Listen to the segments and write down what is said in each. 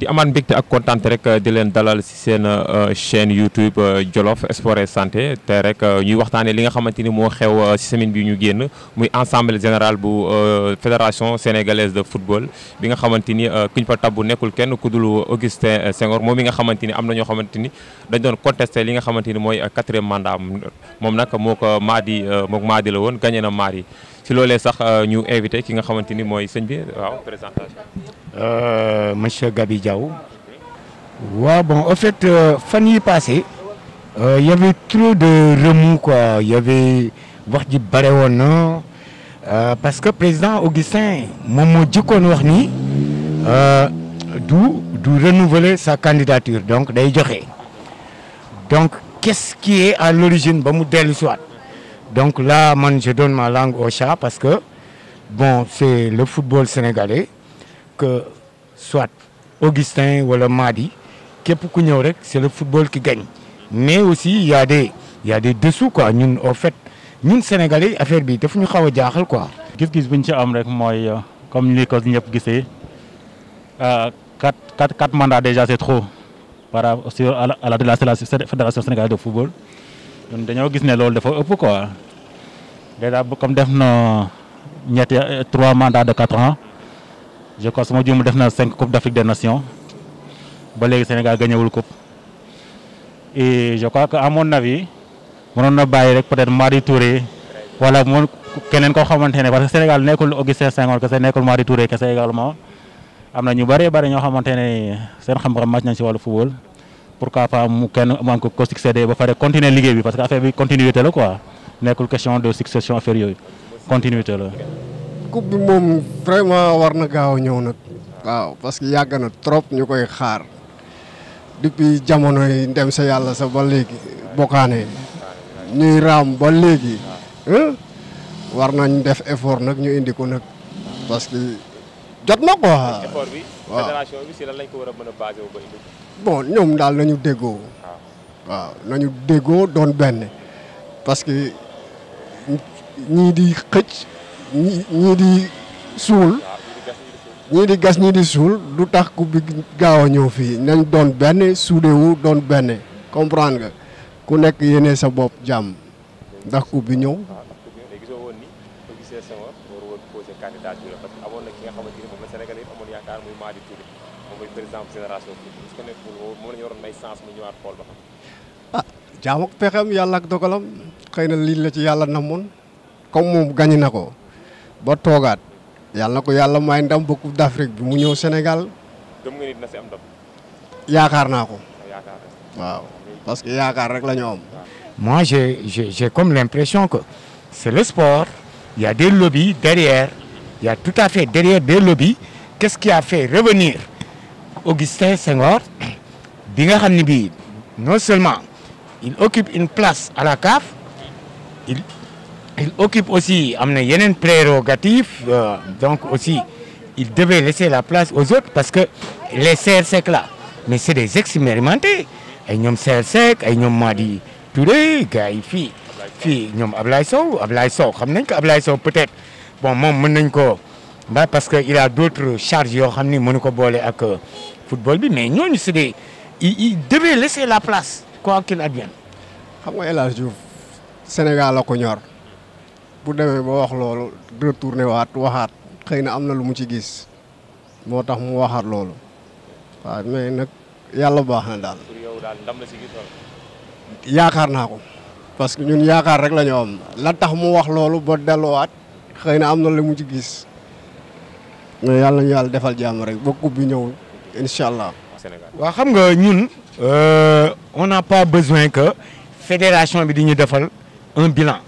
di amaat mbégte ak kontaan rek euh, di leen dalal si seen euh, chaîne YouTube euh, Jolof Sport et Santé te rek ñuy waxtaanee li nga xamante ni moo xew si semaine bi ñu génn muy ensemble général bu fédération sénégalaise de football bi nga xamante ni ki ñu fa tabbu nekkul kenn ku dul Augustin Senghor moom mi nga xamante ni am na ñoo xamante ni dañ doon contesté li nga xamante ni mooy quatrième mandat moom nag moo ko maadi moo maadi la woon gagné na maar yi si loolee sax euh, ñu invité ki nga xamante ni mooy sëñ bi waaw présentation. Euh, monsieur Gabi Diaw. waaw bon en fait euh, fan yi passé il y avait trop de remous quoi il y wax ji bare woon na parce que président Augustin moom moo jëkkoon wax ni du du renouveler sa candidature donc day joxe donc qu'est-ce qui est à l'origine ba mu dellu si Donc là, moi, je donne ma langue au chat parce que, bon, c'est le football sénégalais que, soit Augustin ou le ku qui est c'est le football ki gagne. Mais aussi, il y des, il des dessous, quoi. Nous, en fait, ñun sénégalais affaire bi defu ñu xaw jaaxal quoi. gis bu ñu ci am rek mooy euh, comme ni ko ñëpp gisee euh, quatre quatre quatre mandats déjà c'est trop par rapport à la de la fédération sénégalaise de football. ñun dañoo gis ne lool dafa ëpp quoi déjà comme def na ñett trois mandats de quatre ans je crois su ma juumul def na cinq coupe d'Afrique des nations ba léegi Sénégal gañewul coupe et je crois que à mon avis mënoon na bàyyi rek peut-être Madi Touré wala moom keneen koo xamante ne parce que Sénégal nekkul Augustin Senghor kese nekkul Madi Touré kese également am na ñu bare bëri ñoo xamante ne seen xam-xam màcc nañ si wàllu football. pourquoi pas mu kenn mu am ko ko succédé ba pare continuer liggéey bi parce que affaire bi continuité la quoi nekkul question de succession affaire yooyu continuité la. coupe bi moom vraiment war na gaaw a ñëw nag. waaw parce que yàgg na trop ñu koy xaar depuis jamono yi dem sa yàlla sa ba léegi bokkaane ñuy raam ba léegi war nañ def effort nag ñu indi ko nag parce que. jot na quoi. bon ñoom daal nañu déggoo. waaw nañu déggoo doon benn parce que ñii di xëcc ñii di suul. ñii di gas ñii di suul du tax ku bi gaaw a ñëw fii nañ doon benn suudewu doon benn comprendre ku nekk yéene sa bopp jàmm ndax ku bi ñëw. war woon posé candidature parce que amoon na ki nga xamante ni moom la Sénégal yëpp amoon yaakaar muy Madi Touré moom mooy ah, dogalam xëy na lii la ci yàlla namoon comme moom gañi na ko ba toogaat yàlla na yàlla may ndam ba Coupe d'Afrique bi mu ñëw Sénégal. gëm nga ni dina yaakaar naa ko. waaw parce que yaakaar rek la ñu am. moi j'ai comme l'impression que c'est le Il y a des lobbies derrière. Il tout à fait derrière des lobbies. Qu'est-ce qui a fait revenir Augustin Senghor bi nga xam ne bii non seulement il occupe une place à la CAF il occupe aussi am na yeneen prérogative euh, donc aussi il devait laisser la place aux autres parce que les CRSEC là mais c'est des expérimentés ay ñoom CRSEC ay ñoom Madi Touré gars yi fii fii ñoom ab Ablaye Sow laay Sow xam nañ ko Ablaye Sow peut-être bon moom mën nañ ko ba parce que il a d'autres charges yoo xam ni mënu ko boole ak euh, football bi mais ñooñu c'est des il devait laisser la place quoi qu'il advienne. xam nga El Hadj Diouf Sénégal la ko ñor bu demee ba wax loolu retourné waat waxaat xëy na am na lu mu ci gis moo tax mu waxaat loolu waaw nag yàlla baax na daal. pour yow yaakaar naa ko. parce que ñun yaakaar rek la ñu la tax mu wax loolu ba delluwaat xëy na am na lu mu ci gis yàlla ñu yàlla defal jàmm rek ba coupe bi ñëw incha allah. waa xam nga ñun. Euh, on n'a pas besoin que fédération bi di ñu defal un bilan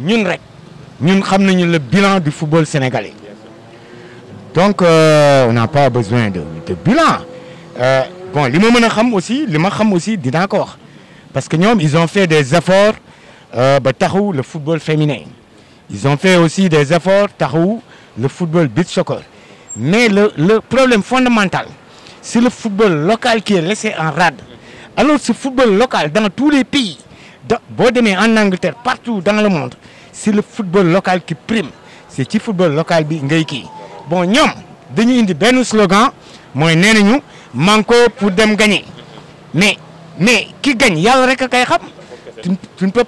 ñun rek ñun xam nañu le bilan du football sénégalais donc euh, on n'a pas besoin de de bilan euh, bon li ma mën a xam aussi li ma xam aussi dinaa ko wax. Parce que ñoom ils ont fait des efforts, euh, ba Tahou, le football féminin. Ils ont fait aussi des efforts, Tahou, le football beach soccer. Mais le, le problème fondamental, si le football local qui est laissé en rade. Alors ce football local, dans tous les pays, dans, en Angleterre, partout dans le monde, si le football local qui prime. C'est le football local ngay est Bon, nous, nous avons un slogan, nous avons manco pour dem Mais mais ki gañ yàlla rek a kay xam tu ne peux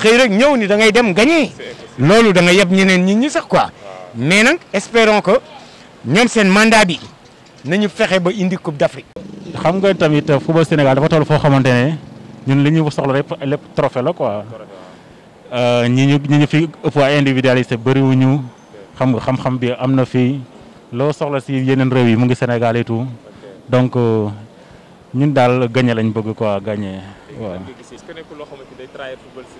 xëy rek ñëw ni da ngay dem gagné loolu da nga yeb ñeneen ñi ñu sax quoi mais nag espérons que ñoom seen mandat bi nañu fexe ba indi Coupe d'Afrique. xam nga tamit football Sénégal dafa foo xamante ne ñun li ñu soxla rek lépp la quoi euh, ñi ñu ñi ñu fi ëpp ay individualistes bëriwuñu xam nga xam bi am na fii loo soxla si yeneen réew yi mu ngi Sénégal et donc. Euh, ñun daal gagné lañ bëgg koo gagné. waaw loo xamante ni day trahir football si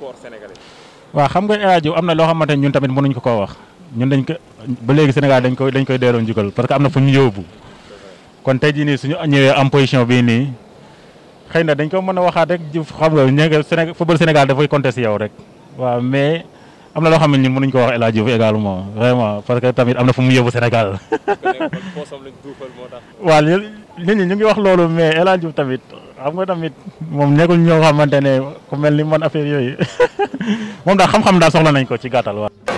xam nga El am na loo xamante ni ñun tamit mënuñ ko koo wax ñun dañ ko ba léegi Sénégal dañ koy dañ koy delloo njukkal parce que am na fu ñu yóbbu. kon tey jii nii suñu ñëwee am position bii nii xëy na dañ ko mën a waxaat rek xam nga ña nga Sénégal football Sénégal dafay compter si yow rek waaw mais. am na loo xam ne ñun mënuñ ko wax El Hadj Diouf également vraiment parce que tamit am na fu mu yóbbu Sénégal. waaw nit ñi ñu ngi wax loolu mais El tamit xam nga tamit moom nekkul ñoo xamante ne ku mel ni man affaire yooyu moom daal xam-xam daal soxla nañ ko ci gàttal waaw.